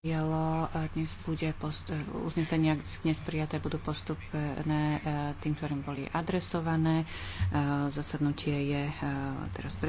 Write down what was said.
Jelo eh, dnes bude post- eh, uznesenia dnes prijaté budú postupné eh, tým, ktorým boli adresované. Zasadnutie je teraz